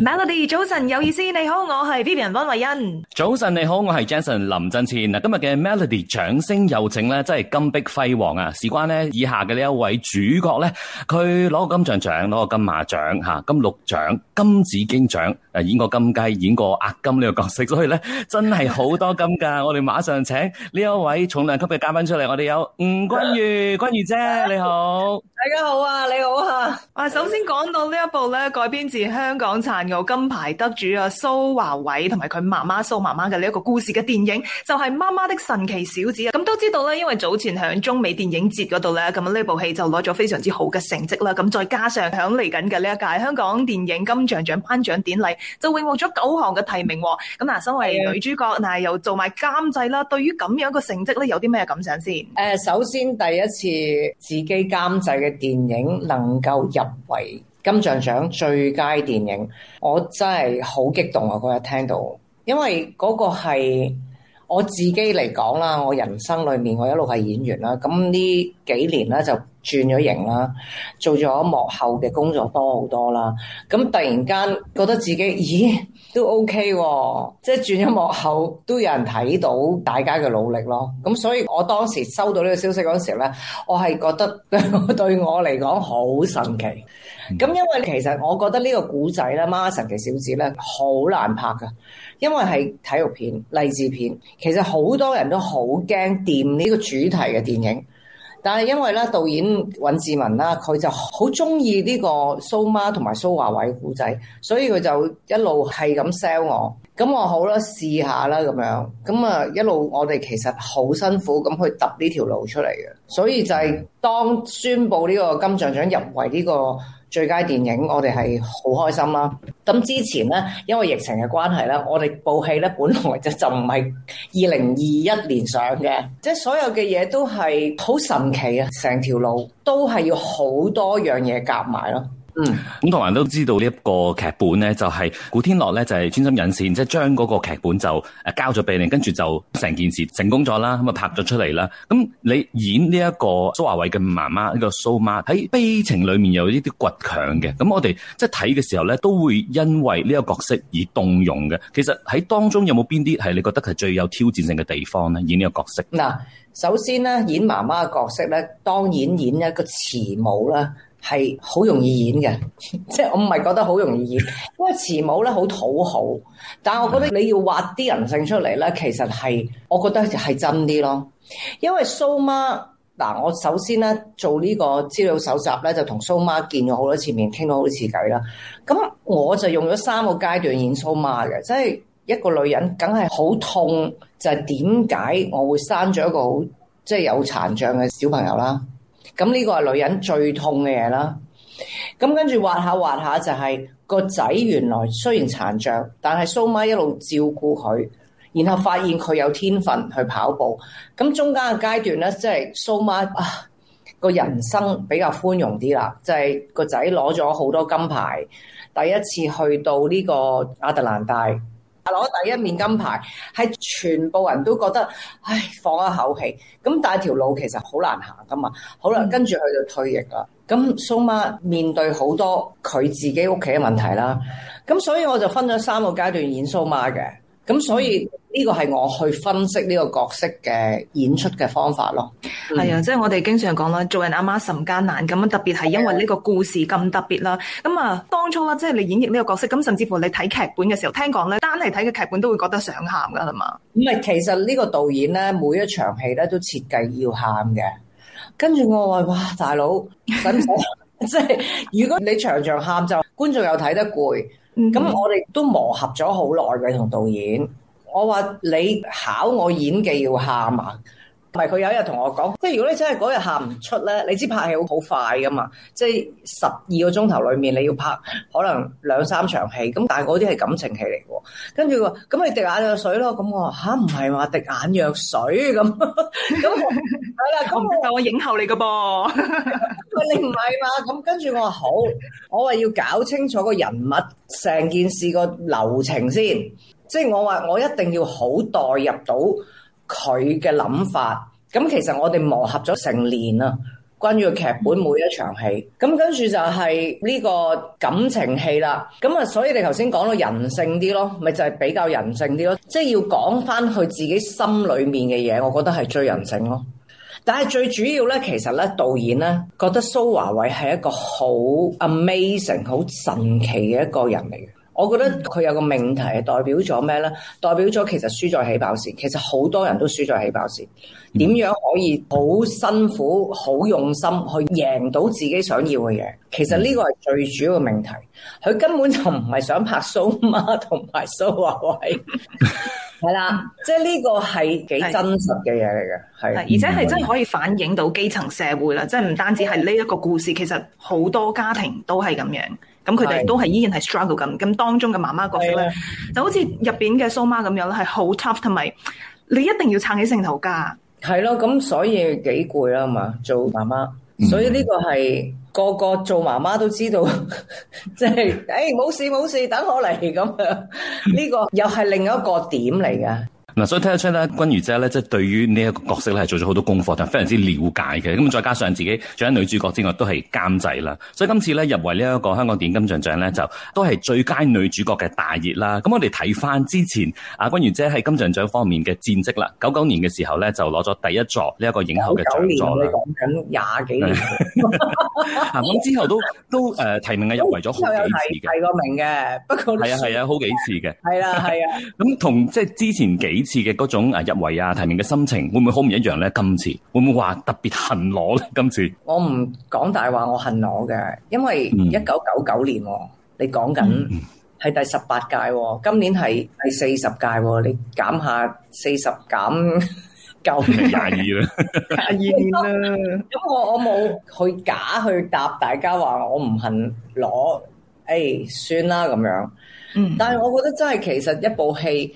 Melody 早晨有意思，你好，我係 Vivian 溫慧欣。早晨你好，我係 Jason 林振前。嗱，今日嘅 Melody 掌聲有請咧，真係金碧輝煌啊！事關咧以下嘅呢一位主角咧，佢攞個金像獎，攞個金馬獎，吓金鹿獎、金紫荊獎，誒演過金雞、演過阿金呢個角色，所以咧真係好多金噶。我哋馬上請呢一位重量級嘅嘉賓出嚟，我哋有吳君如，君如姐，你好，大家好啊，你好吓。啊，首先講到呢一部咧改編自香港產。有金牌得主阿蘇華偉同埋佢媽媽蘇媽媽嘅呢一個故事嘅電影，就是，就係《媽媽的神奇小子》啊！咁都知道咧，因為早前響中美電影節嗰度咧，咁呢部戲就攞咗非常之好嘅成績啦。咁再加上響嚟緊嘅呢一屆香港電影金像獎頒獎典禮，就榮獲咗九項嘅提名。咁嗱，身為女主角，嗱的又做埋監製啦，對於咁樣一個成績咧，有啲咩感想先？誒，首先第一次自己監製嘅電影能夠入圍。金像獎最佳電影，我真係好激動啊！嗰日聽到，因為嗰個係我自己嚟講啦，我人生裏面我一路係演員啦，咁呢幾年呢就。轉咗型啦，做咗幕後嘅工作多好多啦。咁突然間覺得自己咦都 OK，啊，即係轉咗幕後都有人睇到大家嘅努力咯。咁所以我當時收到呢個消息嗰時呢，我係覺得對我嚟講好神奇。咁因為其實我覺得呢個古仔咧《媽咪神奇小子》呢，好難拍噶，因為係體育片、勵志片，其實好多人都好驚掂呢個主題嘅電影。但係因為咧，導演尹志文啦，佢就好中意呢個蘇媽同埋蘇華偉嘅故仔，所以佢就一路係咁 sell 我，咁我好啦，試下啦咁樣，咁啊一路我哋其實好辛苦咁去揼呢條路出嚟嘅，所以就係當宣布呢個金像獎入圍呢個。最佳電影，我哋係好開心啦！咁之前呢，因為疫情嘅關係呢，我哋部戲呢，本來就就唔係二零二一年上嘅，即係所有嘅嘢都係好神奇啊！成條路都係要好多樣嘢夾埋咯～嗯，咁同埋都知道呢一個劇本咧，就係古天樂咧，就係專心引線，即係將嗰個劇本就誒交咗俾你，跟住就成件事成功咗啦，咁啊拍咗出嚟啦。咁你演呢一個蘇華偉嘅媽媽呢個蘇媽喺悲情裏面有呢啲倔強嘅，咁我哋即係睇嘅時候咧都會因為呢個角色而動容嘅。其實喺當中有冇邊啲係你覺得係最有挑戰性嘅地方咧？演呢個角色嗱，首先咧演媽媽嘅角色咧，當然演一個慈母啦。係好容易演嘅，即 係我唔係覺得好容易演， 因為慈母咧好討好，但係我覺得你要畫啲人性出嚟咧，其實係我覺得係真啲咯。因為蘇媽嗱，我首先咧做呢個資料搜集咧，就同蘇媽見過好多次面，傾咗好多次偈啦。咁我就用咗三個階段演蘇媽嘅，即係一個女人，梗係好痛，就係點解我會生咗一個好，即係有殘障嘅小朋友啦。咁呢個係女人最痛嘅嘢啦。咁跟住挖下挖下就係，個仔原來雖然殘障，但係蘇媽一路照顧佢，然後發現佢有天分去跑步。咁中間嘅階段呢，即係蘇媽啊，個人生比較寬容啲啦，即係個仔攞咗好多金牌，第一次去到呢個亞特蘭大。攞第一面金牌，係全部人都覺得唉，放一口氣咁，但係條路其實好難行噶嘛。好啦，跟住佢就退役啦。咁蘇媽面對好多佢自己屋企嘅問題啦，咁所以我就分咗三個階段演蘇媽嘅。咁、嗯、所以呢個係我去分析呢個角色嘅演出嘅方法咯、嗯，係啊，即係我哋經常講啦，做人阿媽甚艱難咁樣，特別係因為呢個故事咁特別啦。咁啊的，當初啊，即係你演繹呢個角色，咁甚至乎你睇劇本嘅時候，聽講咧，單係睇嘅劇本都會覺得想喊噶係嘛。唔係、嗯，其實呢個導演咧，每一場戲咧都設計要喊嘅。跟住我話，哇，大佬，使唔使？ 即係如果你場場喊，就觀眾又睇得攰。咁、嗯、我哋都磨合咗好耐嘅，同導演，我話你考我演技要喊啊。唔係，佢有一日同我講，即係如果你真係嗰日喊唔出咧，你知拍戲好好快噶嘛？即係十二個鐘頭裏面你要拍可能兩三場戲，咁但係嗰啲係感情戲嚟嘅。跟住佢話，咁你滴眼藥水咯，咁我話吓，唔係話滴眼藥水咁，咁係啦，咁唔夠我影后嚟噶噃。喂， 你唔係嘛？咁跟住我話好，我話要搞清楚個人物成件事個流程先，即係我話我一定要好代入到。佢嘅諗法，咁其實我哋磨合咗成年啦，關於個劇本每一場戲，咁跟住就係呢個感情戲啦，咁啊，所以你頭先講到人性啲咯，咪就係、是、比較人性啲咯，即係要講返佢自己心裏面嘅嘢，我覺得係最人性咯。但係最主要呢，其實呢導演呢，覺得蘇華偉係一個好 amazing、好神奇嘅一個人嚟嘅。我覺得佢有個命題係代表咗咩咧？代表咗其實輸在起跑線，其實好多人都輸在起跑線。點樣可以好辛苦、好用心去贏到自己想要嘅嘢？其實呢個係最主要嘅命題。佢根本就唔係想拍蘇媽同埋蘇樺偉，係啦， 即係呢個係幾真實嘅嘢嚟嘅。係，而且係真係可以反映到基層社會啦。 即係唔單止係呢一個故事，其實好多家庭都係咁樣。咁佢哋都係依然係 struggle 緊。咁當中嘅媽媽嘅角色咧，的就好似入邊嘅蘇媽咁樣咧，係好 tough 同埋，你一定要撐起成頭家，係咯，咁所以幾攰啦，嘛，做媽媽，所以呢個係個個做媽媽都知道，即 係、就是，哎，冇事冇事，等我嚟咁樣，呢、這個又係另一個點嚟嘅。嗱、嗯，所以聽得出咧，君如姐咧，即係對於呢一個角色咧，係做咗好多功課，但非常之了解嘅。咁再加上自己除咗女主角之外，都係監製啦。所以今次咧入圍呢一個香港電影金像獎咧，mm hmm. 就都係最佳女主角嘅大熱啦。咁、嗯、我哋睇翻之前啊，君如姐喺金像獎方面嘅戰績啦。九九年嘅時候咧，就攞咗第一座呢一個影后嘅獎座啦。講緊廿幾年。啊是，咁、 嗯、之後都都誒提名嘅入圍咗好幾次嘅。提名嘅、嗯，不過係啊係啊，好幾次嘅。係啦係啊。咁同即係之前幾。呃次嘅嗰種誒入圍啊提名嘅心情，會唔會好唔一樣咧？今次會唔會話特別恨攞咧？今次我唔講大話，我恨攞嘅，因為一九九九年，你講緊係第十八屆，今年係第四十屆，你減下四十減九廿二啦，廿二年啦。咁我我冇去假去答大家話我唔恨攞，誒算啦咁樣。嗯，但係我覺得真係其實一部戲。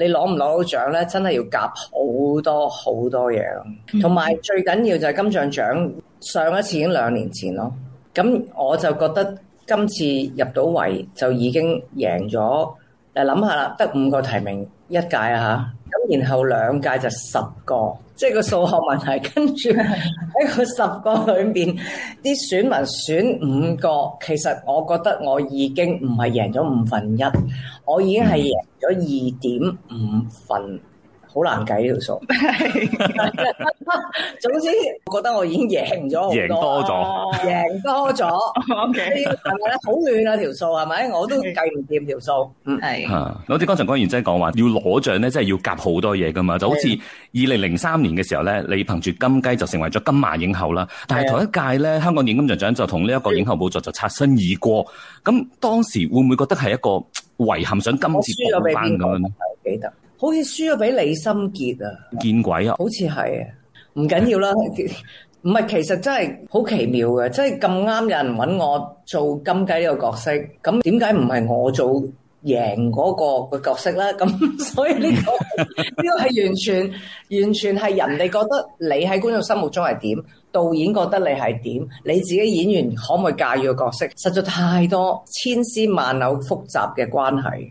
你攞唔攞到獎咧，真係要夾好多好多嘢咯。同埋最緊要就係金像獎上一次已經兩年前咯，咁我就覺得今次入到圍就已經贏咗。你諗下啦，得五個提名一屆啊嚇。然後兩屆就十個，即係個數學問題。跟住喺個十個裏面，啲 選民選五個，其實我覺得我已經唔係贏咗五分一，我已經係贏咗二點五分。好難計呢條數， 總之我覺得我已經贏咗好多，贏多咗，贏、啊、多咗我 OK 係咪咧？好亂啊條數，係咪？我都計唔掂條數，嗯係。嗱是，我啲剛才講完，真係講話要攞獎咧，真係要夾好多嘢噶嘛。就好似二零零三年嘅時候咧，你憑住金雞就成為咗金馬影後啦。但係同一屆咧，香港電影金像獎就同呢一個影後寶座就擦身而過。咁當時會唔會覺得係一個遺憾？想今次補翻咁樣咧？幾得？ 好似輸咗俾李心潔啊！見鬼啊！好似係啊，唔緊要啦。唔係，其實真係好奇妙嘅，即係咁啱有人揾我做金雞呢個角色，咁點解唔係我做贏嗰個嘅角色呢？咁所以呢個呢個係完全完全係人哋覺得你喺觀眾心目中係點，導演覺得你係點，你自己演員可唔可以駕馭個角色，實在太多千絲萬縷複雜嘅關係。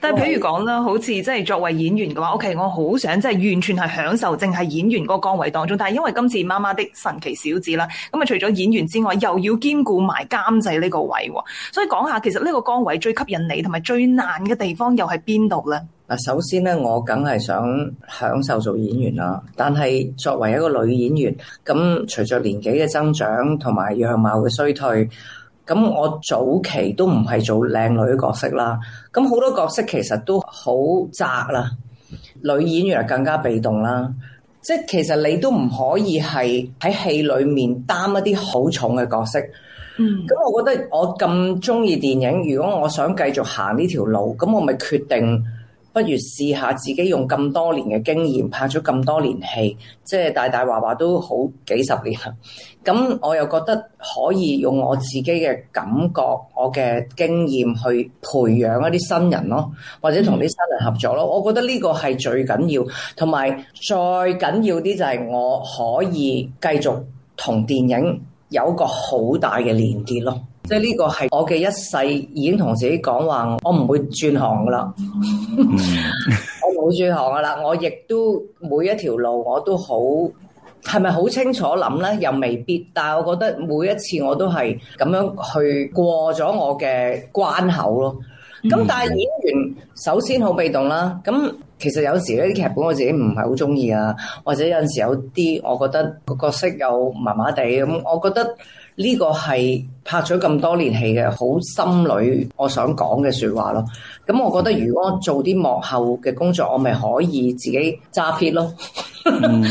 但係，譬如講啦，我好似即係作為演員嘅話，OK，我好想即係完全係享受，淨係演員個崗位當中。但係因為今次《媽媽的神奇小子》啦，咁啊，除咗演員之外，又要兼顧埋監製呢個位喎。所以講下，其實呢個崗位最吸引你，同埋最難嘅地方又係邊度呢？嗱，首先咧，我梗係想享受做演員啦。但係作為一個女演員，咁隨着年紀嘅增長同埋樣貌嘅衰退。咁我早期都唔係做靚女角色啦，咁好多角色其實都好窄啦，女演員更加被動啦，即係其實你都唔可以係喺戲裏面擔一啲好重嘅角色，嗯，咁我覺得我咁中意電影，如果我想繼續行呢條路，咁我咪決定。不如試下自己用咁多年嘅經驗拍咗咁多年戲，即係大大話話都好幾十年啦。咁我又覺得可以用我自己嘅感覺、我嘅經驗去培養一啲新人咯，或者同啲新人合作咯。我覺得呢個係最緊要，同埋最緊要啲就係我可以繼續同電影有一個好大嘅連結咯。呢個係我嘅一世，已經同自己講話， 我唔會轉行噶啦，我冇轉行噶啦。我亦都每一條路我，我都好係咪好清楚諗呢？又未必。但係我覺得每一次，我都係咁樣去過咗我嘅關口咯。咁但係演員首先好被動啦。咁其實有時呢啲劇本我自己唔係好中意啊，或者有陣時有啲我覺得個角色又麻麻地咁，我覺得。呢個係拍咗咁多年戲嘅好心裏，我想講嘅説話咯。咁我覺得如果做啲幕後嘅工作，我咪可以自己揸 fit 咯，唔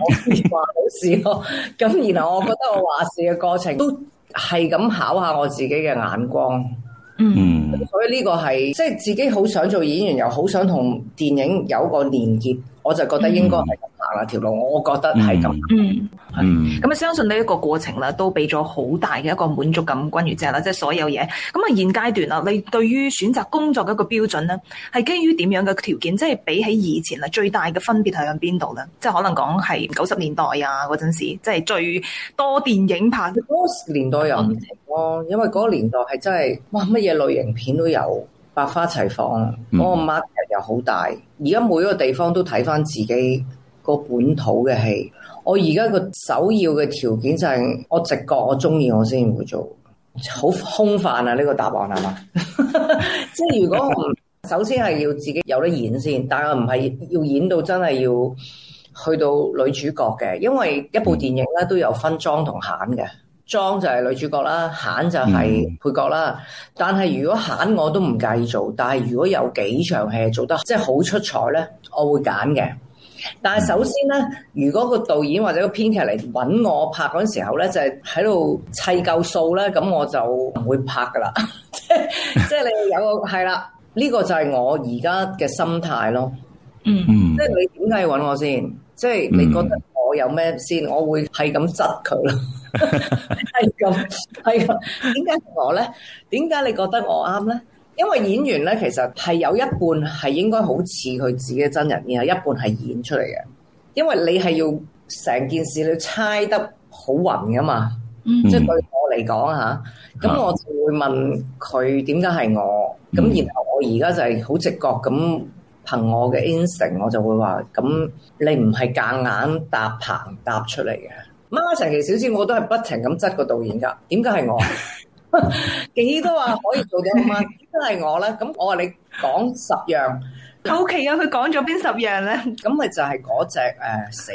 好話好事咯。咁、hmm. 然後我覺得我話事嘅過程都係咁考下我自己嘅眼光。嗯、mm，hmm. 所以呢個係即係自己好想做演員，又好想同電影有個連結。我就覺得應該係咁行啦、嗯、條路，我覺得係咁。嗯，咁啊，相信呢一個過程咧，都俾咗好大嘅一個滿足感，關於即係啦，即係所有嘢。咁啊，現階段啊，你對於選擇工作嘅一個標準咧，係基於點樣嘅條件？即係比起以前啊，最大嘅分別係響邊度咧？即係可能講係九十年代啊嗰陣時，即係最多電影拍嗰年代有、啊。哦年，因為嗰個年代係真係，哇，乜嘢類型片都有。百花齊放，嗰、那個 market、er、又好大。而家每一個地方都睇翻自己個本土嘅戲。我而家個首要嘅條件就係，我直覺我中意我先會做。好空泛啊！呢個答案係嘛？ 即係如果唔，首先係要自己有得演先，但係唔係要演到真係要去到女主角嘅，因為一部電影咧都有分莊同閒嘅。裝就係女主角啦，閒就係配角啦。嗯、但係如果閒我都唔介意做，但係如果有幾場戲做得即係好出彩咧，我會揀嘅。但係首先咧，如果個導演或者個編劇嚟揾我拍嗰陣時候咧，就係喺度砌夠數咧，咁我就唔會拍噶啦。即係即係你有個係啦，呢個就係我而家嘅心態咯。嗯，即係你點解要揾我先？即係你覺得我有咩先？嗯、我會係咁質佢咯。係咁， 係啊？點解我咧？點解你覺得我啱咧？因為演員咧，其實係有一半係應該好似佢自己嘅真人，然後一半係演出嚟嘅。因為你係要成件事你要猜得好匀噶嘛，即係、嗯、對我嚟講吓。咁、啊、我就會問佢點解係我？咁、嗯、然後我而家就係好直覺咁憑我嘅 instinct 我就會話：咁你唔係夾硬搭棚搭出嚟嘅。孖成期小資，我都係不停咁質個導演噶，點解係我？ 幾多話可以做啲？點解係我咧？咁我話你講十樣好奇啊！佢講咗邊十樣咧？咁咪就係嗰隻誒，死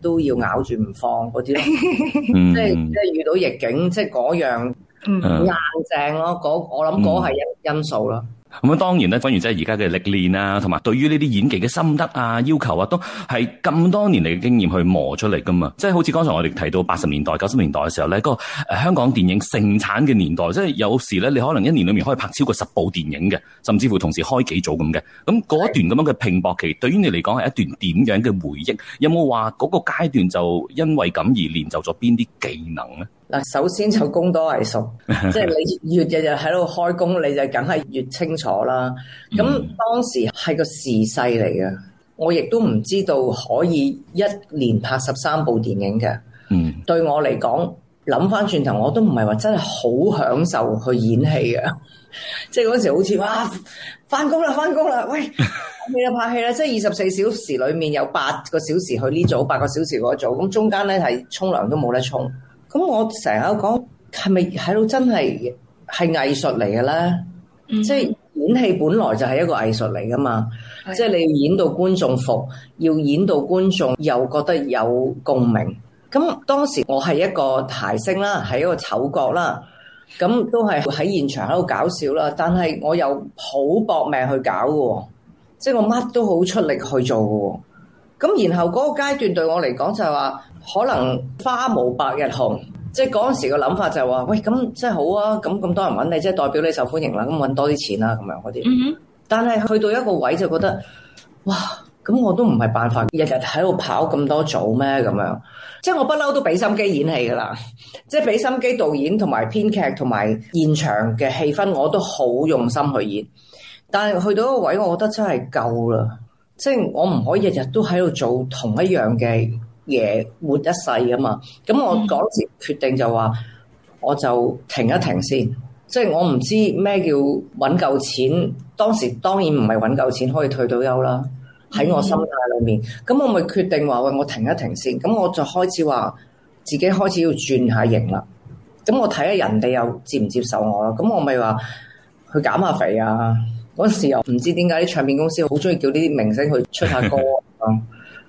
都要咬住唔放嗰啲 即係即係遇到逆境，即係嗰樣硬正咯。我諗嗰係因因素咯。咁當然咧，當然即係而家嘅歷練啊，同埋對於呢啲演技嘅心得啊，要求啊，都係咁多年嚟嘅經驗去磨出嚟噶嘛。即係好似剛才我哋提到八十年代、九十年代嘅時候咧，嗰個誒香港電影盛產嘅年代，即係有時咧，你可能一年裏面可以拍超過十部電影嘅，甚至乎同時開幾組咁嘅。咁嗰段咁樣嘅拼搏期，對於你嚟講係一段點樣嘅回憶？有冇話嗰個階段就因為咁而練就咗邊啲技能咧？嗱，首先就功多藝熟，即係 你越日日喺度開工，你就梗係越清楚啦。咁當時係個時勢嚟嘅，我亦都唔知道可以一年拍十三部電影嘅。嗯， 對我嚟講諗翻轉頭，我都唔係話真係好享受去演戲嘅，即係嗰時好似哇，翻工啦，翻工啦，喂，你戲拍戲啦，即係二十四小時裏面有八個小時去呢組，八個小時嗰組，咁中間咧係沖涼都冇得沖。咁我成日講係咪喺度真係係藝術嚟嘅咧？嗯、即係演戲本來就係一個藝術嚟噶嘛，即係的你演到觀眾服，要演到觀眾又覺得有共鳴。咁當時我係一個台星啦，係一個丑角啦，咁都係喺現場喺度搞笑啦。但係我又好搏命去搞嘅，即係我乜都好出力去做嘅。咁然後嗰個階段對我嚟講就係話，可能花無百日紅，即係嗰陣時個諗法就係話，喂，咁即係好啊，咁咁多人揾你，即係代表你受歡迎啦，咁揾多啲錢啦，啊，咁樣嗰啲。但係去到一個位就覺得，哇，咁我都唔係辦法，日日喺度跑咁多組咩？咁樣，即係我不嬲都俾心機演戲噶啦，即係俾心機導演同埋編劇同埋現場嘅氣氛，我都好用心去演。但係去到一個位，我覺得真係夠啦。即係我唔可以日日都喺度做同一樣嘅嘢活一世噶嘛，咁我嗰時決定就話，我就停一停先。即係我唔知咩叫揾夠錢，當時當然唔係揾夠錢可以退到休啦。喺我心態裏面，咁、嗯、我咪決定話喂，我停一停先。咁我就開始話自己開始要轉下型啦。咁我睇下人哋又接唔接受我啦。咁我咪話去減下肥啊。嗰陣時又唔知點解啲唱片公司好中意叫啲明星去出下歌啊。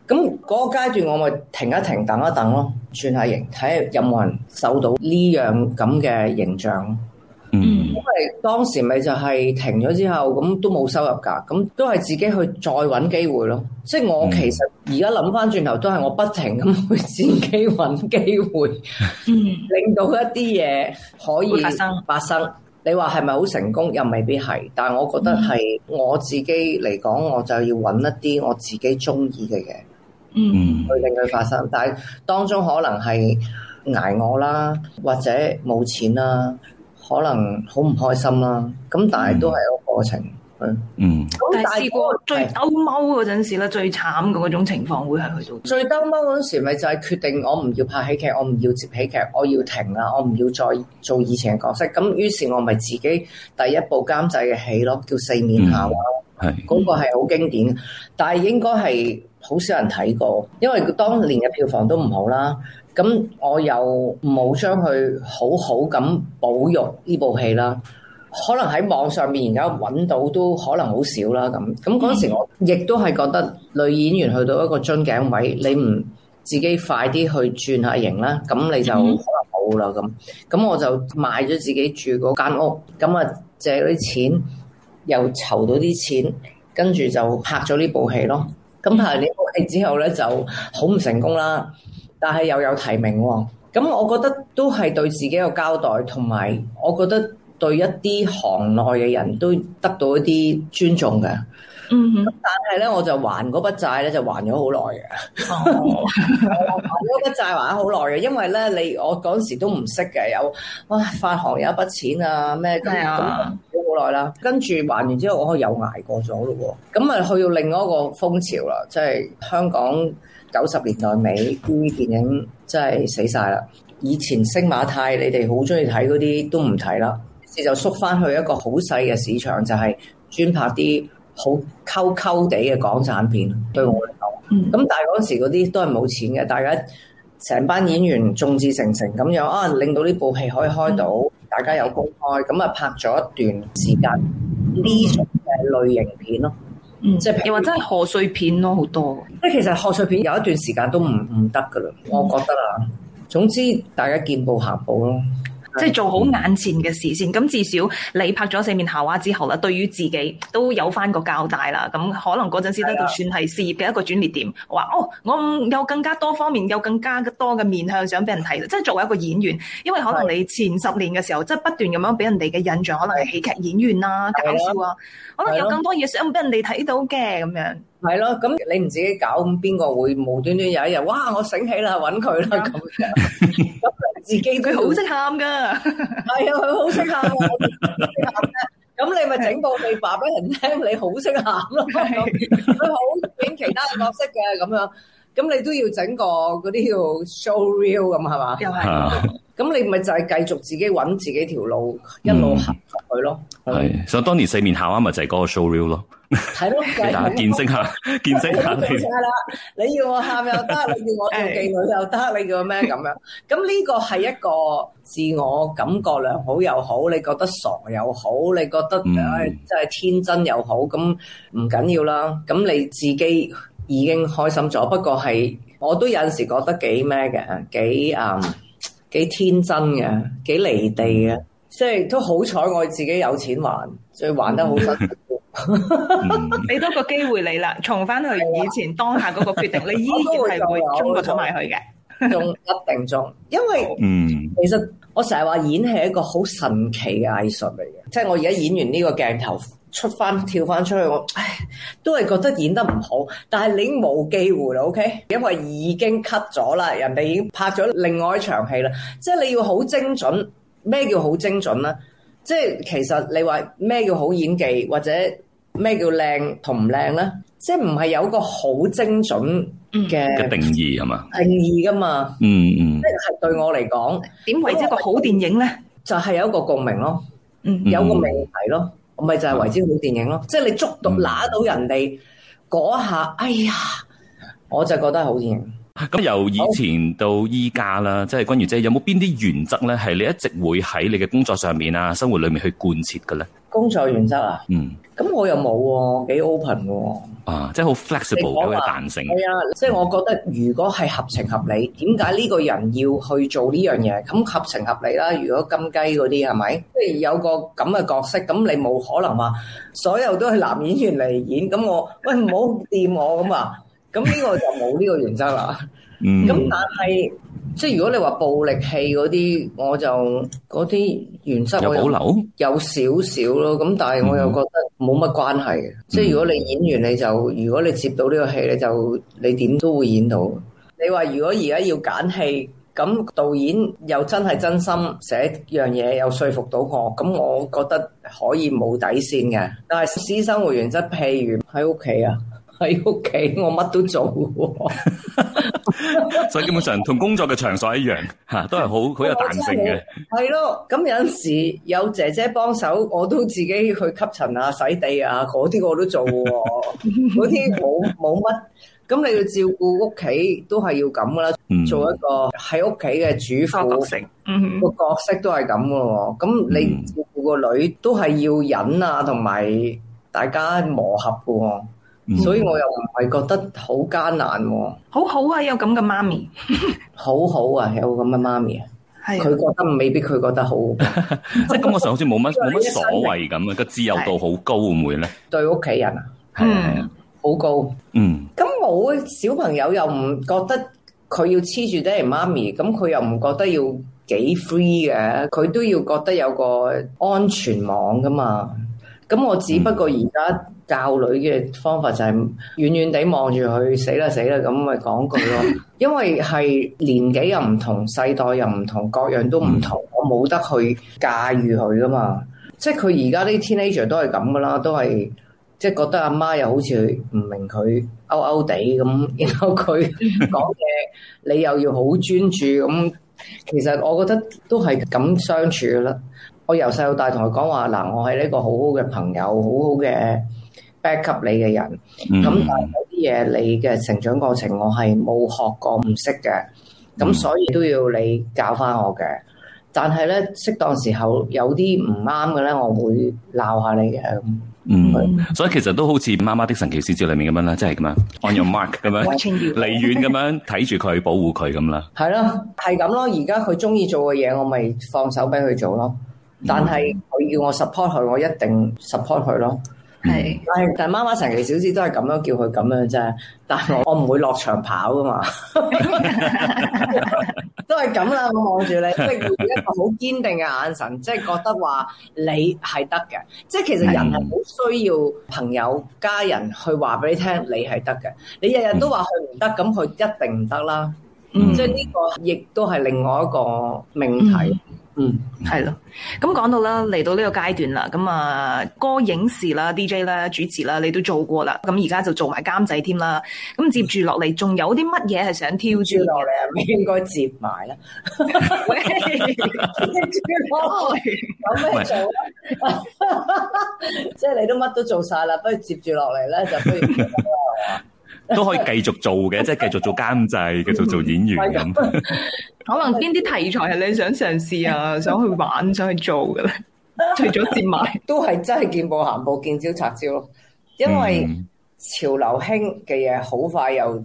咁嗰個階段我咪停一停，等一等咯，轉下型，睇有冇人受到呢樣咁嘅形象。嗯，因為當時咪就係停咗之後，咁都冇收入㗎，咁都係自己去再揾機會咯。即係我其實而家諗返轉頭，都係我不停咁去自己揾機會，嗯，令到一啲嘢可以發生。你話係咪好成功？又未必係，但係我覺得係我自己嚟講，我就要揾一啲我自己中意嘅嘢，嗯，去令佢發生。但係當中可能係捱我啦，或者冇錢啦，可能好唔開心啦。咁但係都係一個過程。嗯嗯嗯，但係試過是最兜踎嗰陣時咧，最慘嘅嗰種情況會係去到最兜踎嗰陣時，咪就係決定我唔要拍喜劇，我唔要接喜劇，我要停啦，我唔要再做以前嘅角色。咁於是我咪自己第一部監製嘅戲咯，叫四面夏娃啦，嗰、嗯、個係好經典，但係應該係好少人睇過，因為當年嘅票房都唔好啦。咁我又冇將佢好好咁保育呢部戲啦。可能喺網上面而家揾到都可能好少啦咁。咁嗰陣時，我亦都係覺得女演員去到一個樽頸位，你唔自己快啲去轉下型啦，咁你就可能冇啦咁。咁我就賣咗自己住嗰間屋，咁啊借啲錢，又籌到啲錢，跟住就拍咗呢部戲咯。咁拍完呢部戲之後呢，就好唔成功啦。但係又有提名喎、哦。咁我覺得都係對自己有交代，同埋我覺得。對一啲行內嘅人都得到一啲尊重嘅，嗯、mm hmm. 但係咧，我就還嗰筆債咧，就還咗好耐嘅。Oh. 我嗰筆債還咗好耐嘅，因為咧，你我嗰陣時都唔識嘅，有哇、哎、發行有一筆錢啊咩，係、嗯、啊，好耐啦。跟住還完之後，我可又捱過咗咯喎。咁咪去到另一個風潮啦，即係香港九十年代尾啲電影真係死晒啦。以前星馬泰你哋好鍾意睇嗰啲都唔睇啦。就縮翻去一個好細嘅市場，就係、是、專拍啲好溝溝地嘅港產片。對我嚟講，咁、嗯、但係嗰時嗰啲都係冇錢嘅，大家成班演員眾志成城咁樣啊，令到呢部戲可以開到，嗯、大家有公開，咁啊拍咗一段時間呢種嘅類型片咯，嗯、即係譬如話真係賀歲片咯，好多。即係其實賀歲片有一段時間都唔唔得噶啦，嗯、我覺得啊，總之大家見步行步咯。即係做好眼前嘅事先，咁至少你拍咗四面夏娃之後啦，對於自己都有翻個交代啦。咁可能嗰陣時都算係事業嘅一個轉捩點。話哦，我有更加多方面，有更加多嘅面向想俾人睇。即係作為一個演員，因為可能你前十年嘅時候，即係不斷咁樣俾人哋嘅印象，可能係喜劇演員啦、啊，了搞笑啊，可能有更多嘢想俾人哋睇到嘅咁樣。係咯，咁你唔自己搞，邊個會無端端有一日哇！我醒起啦，揾佢啦咁樣。 自己佢好識喊噶，係啊、 哎，佢好識喊，我都識喊嘅，咁你咪整部戲話俾人聽，你好識喊咯，佢好演其他嘅角色嘅咁樣。咁你都要整個嗰啲叫 show reel 咁係嘛？又係，咁你咪就係繼續自己揾自己條路，一路行落去咯。係，所以當年四面下啊，咪就係嗰個 show reel 咯。係咯，俾大家見識下，見識下你。冇曬啦！你要我喊又得，你要我做妓女又得，你叫咩咁樣？咁呢個係一個自我感覺良好又好，你覺得傻又好，你覺得唉真係天真又好，咁唔緊要啦。咁你自己。已經開心咗，不過係我都有陣時覺得幾咩嘅，幾啊、嗯、幾天真嘅，幾離地嘅，即係都好彩，我自己有錢玩，所以玩得好辛苦。俾 多個機會你啦，重翻去以前當下嗰個決定。啊、你依然都係會有衝過咗埋去嘅，仲一定中。因為好、嗯、其實我成日話演戲係一個好神奇嘅藝術嚟嘅，即係我而家演完呢個鏡頭。出翻跳翻出去，我唉都係覺得演得唔好，但係你已經冇機會啦，OK？因為已經 cut 咗啦，人哋已經拍咗另外一場戲啦。即係你要好精準，咩叫好精準咧？即係其實你話咩叫好演技，或者咩叫靚同唔靚咧？即係唔係有一個好精準嘅嘅定義吖嘛？定義噶嘛？嗯嗯，即係對我嚟講，點為一個好電影咧？就係有一個共鳴咯嗯，嗯，有個命題咯。唔咪就係為之好電影咯，嗯、即係你捉到拿到人哋嗰、嗯、下，哎呀，我就覺得好電影。咁由以前到依家啦，即係君如姐有冇邊啲原則咧？係你一直會喺你嘅工作上面啊、生活裡面去貫徹嘅咧？工作原則啊，嗯。咁我又冇喎，幾 open 喎！啊，即係好 flexible，有啲彈性。係啊，即係我覺得如果係合情合理，點解呢個人要去做呢樣嘢？咁合情合理啦。如果金雞嗰啲係咪？即係有個咁嘅角色，咁你冇可能話所有都係男演員嚟演。咁我，喂，唔好掂我咁啊！咁呢個就冇呢個原則啦。嗯。咁但係。即係如果你話暴力戲嗰啲，我就嗰啲原則我有，有保留，有少少咯。咁但係我又覺得冇乜關係嘅。嗯、即係如果你演完你就，如果你接到呢個戲你就，你點都會演到。你話如果而家要揀戲，咁導演又真係真心寫樣嘢，又說服到我，咁我覺得可以冇底線嘅。但係私生活原則，譬如喺屋企啊。喺屋企，我乜都做，哦、 所以基本上同工作嘅場所一樣吓、啊，都係好好有彈性嘅。係咯，咁有陣時有姐姐幫手，我都自己去吸塵啊、洗地啊，嗰啲我都做、哦。嗰啲冇冇乜，咁你照顧要照顧屋企都係要咁噶啦， 做一個喺屋企嘅主婦，嗯，個角色都係咁噶咯。咁你照顧個女都係要忍啊，同埋大家磨合噶、哦。Mm. 所以我又唔係覺得好艱難、啊，好好啊！有咁嘅媽咪， 好好啊！有咁嘅媽咪啊，佢 的覺得未必佢覺得好、啊， 即係感覺上好似冇乜冇乜所謂咁啊個自由度好高會唔會咧？對屋企人啊，嗯，好、mm. 高，嗯，咁冇小朋友又唔覺得佢要黐住爹哋媽咪，咁佢又唔覺得要幾 free 嘅，佢都要覺得有個安全網噶嘛。咁、嗯、我只不過而家教女嘅方法就係遠遠地望住佢，死啦死啦咁咪講句咯。因為係年紀又唔同，世代又唔同，各樣都唔同，嗯、我冇得去駕馭佢噶嘛。即係佢而家啲 teenager 都係咁噶啦，都係即係覺得阿媽，媽又好似唔明佢，勾勾地咁。然後佢講嘢， 你又要好專注咁。其實我覺得都係咁相處啦。我由細到大同佢講話嗱，我係呢個好好嘅朋友，好好嘅 back up 你嘅人。咁但係有啲嘢你嘅成長過程，我係冇學過唔識嘅，咁所以都要你教翻我嘅。但係咧適當時候有啲唔啱嘅咧，我會鬧下你嘅。嗯，所以其實都好似媽媽的神奇小子裏面咁樣啦，即係咁樣 on your mark 咁樣離遠咁樣睇住佢，保護佢咁啦。係咯，係咁咯。而家佢中意做嘅嘢，我咪放手俾佢做咯。但係佢要我 support 佢，我一定 support 佢咯。係，但係但係媽媽成期小事都係咁樣叫佢咁樣啫。但係我我唔會落場跑噶嘛，都係咁啦。我望住你，即係用一個好堅定嘅眼神，即係覺得話你係得嘅。即係其實人係好需要朋友、家人去話俾你聽，你係得嘅。你日日都話佢唔得，咁佢一定唔得啦。即係呢個亦都係另外一個命題。嗯，係咯。咁、嗯、講、嗯嗯嗯、到啦，嚟到呢個階段啦，咁、嗯、啊、歌、影視啦、DJ 啦、主持啦，你都做過啦。咁而家就做埋監製添啦。咁、嗯、接住落嚟，仲有啲乜嘢係想挑轉落嚟啊？唔應該接埋啦。 挑轉落嚟，有咩做喂 即係你都乜都做晒啦，不如接住落嚟咧，就不如都可以繼續做嘅， 即係繼續做監製，繼 續做演員咁。 可能邊啲題材係你想嘗試啊？ 想去玩，想去做嘅咧？除咗接麥， 都係真係見步行步，見招拆招咯。因為潮流興嘅嘢好快又完。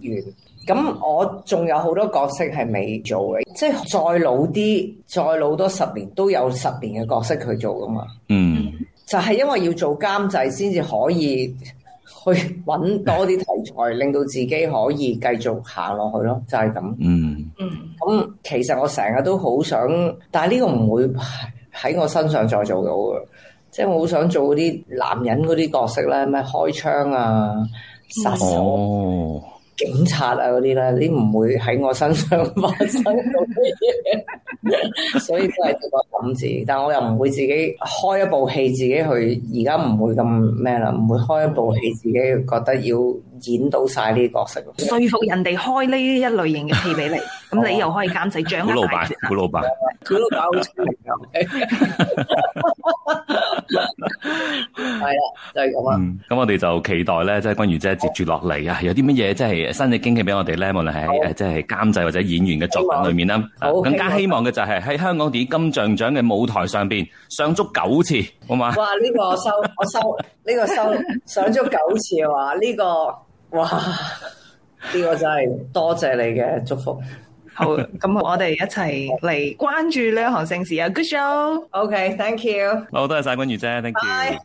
咁我仲有好多角色係未做嘅，即係再老啲，再老多十年都有十年嘅角色去做噶嘛。嗯， 就係因為要做監製先至可以。去揾多啲題材，令到自己可以繼續行落去咯，就係咁。嗯嗯。嗯嗯，咁其實我成日都好想，但係呢個唔會喺我身上再做到嘅，即係我好想做啲男人嗰啲角色咧，咩開槍啊、殺手、嗯。哦警察啊嗰啲咧，你唔會喺我身上發 生到嘅嘢， 所以都係作個諗字。但我又唔會自己開一部戲自己去而家唔會咁咩啦，唔會開一部戲自己覺得要。剪到晒呢啲角色，説服人哋開呢一類型嘅戲俾你，咁 你又可以監製掌握大。古老闆，古老闆，古老闆好出名。係啦，就係咁啊。咁、嗯、我哋就期待咧，即、就、係、是、君如姐接住落嚟啊！好有啲乜嘢即係新嘅驚喜俾我哋咧？無論喺誒，即係好監製或者演員嘅作品裏面啦。好望，更加希望嘅就係喺香港電影金像獎嘅舞台上邊上足九次，好嘛？哇！呢、這個收，我收呢、這個收上足九次嘅話，呢、這個。哇！呢個真係多謝你嘅祝福。好，咁我哋一齊嚟關注呢一行盛事啊！Good show，OK，Thank you。好多謝晒君如姐，Thank you。